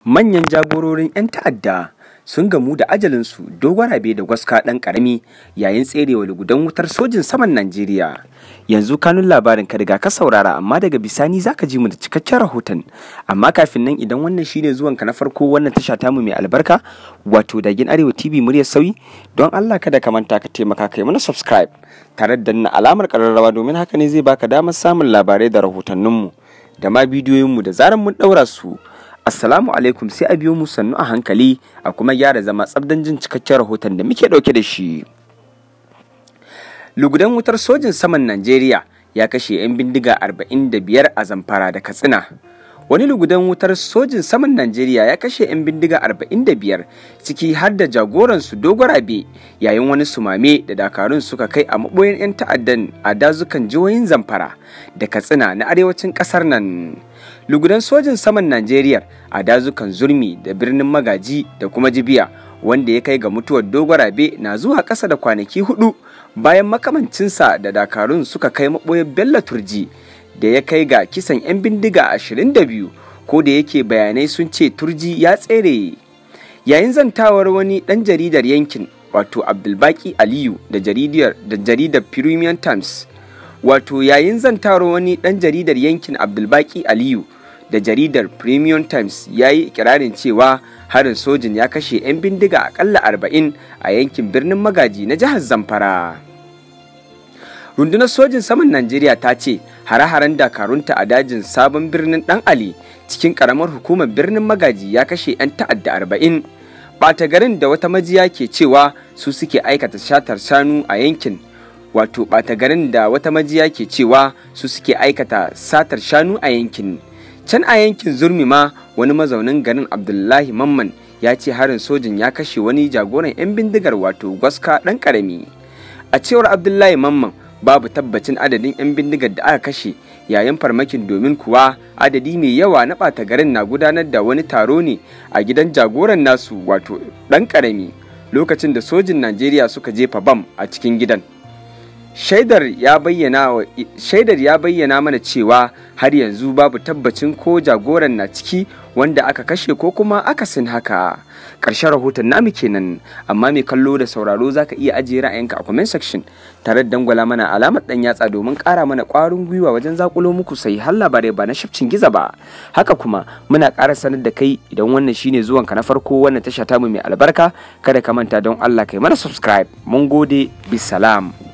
manyan jagororin 'yan ta'adda sun gamu da ajalinsu dogara bai da gwaska ɗan ƙarami yayin tserewa lugudan wutar sojin saman Najeriya. Yanzu kanun labarin ka riga ka saurara amma daga bisani za ka ji mu da cikakken rahoton. Amma kafin nan idan wannan shi shine zuwanka na farko wannan tasha mu mai albarka wato dagin Arewa TV muryar sauyi don Allah kada ka manta ka taimaka kai mana subscribe tare da nuna alamar ƙararrawa domin haka ne zai baka damar samun labarai da rahotanninmu da ma bidiyoyinmu da zaran mun ɗaura su. Assalamu alaikum sai a biyo mu sannu a hankali a kuma gyara zama tsabdan jin cikakken rahoton da muke ɗauke da shi. Lugudan wutar sojin saman Najeriya ya kashe 'yan bindiga 45 a zamfara da Katsina. wani lugudan wutar sojin saman Najeriya ya kashe 'yan bindiga 45 ciki har da jagoransu dogorabe yayin wani sumame da dakarun suka kai a maɓoyin 'yan ta'addan a dazukan jihohin zamfara da katsina na arewacin ƙasar nan. Lugudan sojin saman Najeriya a dazukan zurmi da birnin magaji da kuma jibiya wanda ya kai ga mutuwar dogorabe na zuwa ƙasa da kwanaki hudu bayan makamancinsa da dakarun suka kai maɓoyin Bello Turji. da ya kai ga kisan 'yan bindiga 22 ko da yake bayanai sun ce turji ya tsere yayin zantawar wani ɗan jaridar yankin wato abdulbaki aliyu da jaridar da jaridar premium times wato yayin zantawar wani ɗan jaridar yankin abdulbaki aliyu da jaridar premium times ya yi ikirarin cewa harin sojin ya kashe 'yan bindiga akalla 40 a yankin birnin magaji na jihar zamfara rundunar sojin saman najeriya ta ce hare-haren dakarunta a dajin sabon birnin dan ali cikin karamar hukumar birnin magaji ya kashe 'yan ta'adda arba'in. bata garin da wata majiya ke cewa su suke aikata shatar shanu a yankin wato bata garin da wata majiya ke cewa su suke aikata satar shanu a yankin can a yankin zurmi ma wani mazaunin garin abdullahi mamman ya ce harin sojin ya kashe wani jagoran 'yan bindigar wato gwaska ɗan ƙarami a cewar abdullahi mamman babu tabbacin adadin 'yan bindigar da aka kashe yayin farmakin domin kuwa adadi mai yawa na ɓata garin na gudanar da wani taro ne a gidan jagoran nasu wato ɗan karami lokacin da sojin najeriya suka jefa bam a cikin gidan. shaidar ya bayyana mana cewa har yanzu babu tabbacin ko jagoran na ciki wanda aka kashe ko kuma aka sin haka ƙarshen rahoton namu kenan amma mai kallo da sauraro za ka iya ajiye ra'ayinka a comment section tare da dangwala mana alamar dan yatsa domin ƙara mana ƙwarin gwiwa wajen zakulo muku sai har labarai ba na shafcin giza ba haka kuma muna ƙara sanar da kai idan wannan shine zuwan ka na farko wannan tasha tamu mai albarka kada ka manta don Allah kai mana subscribe mun gode bisalam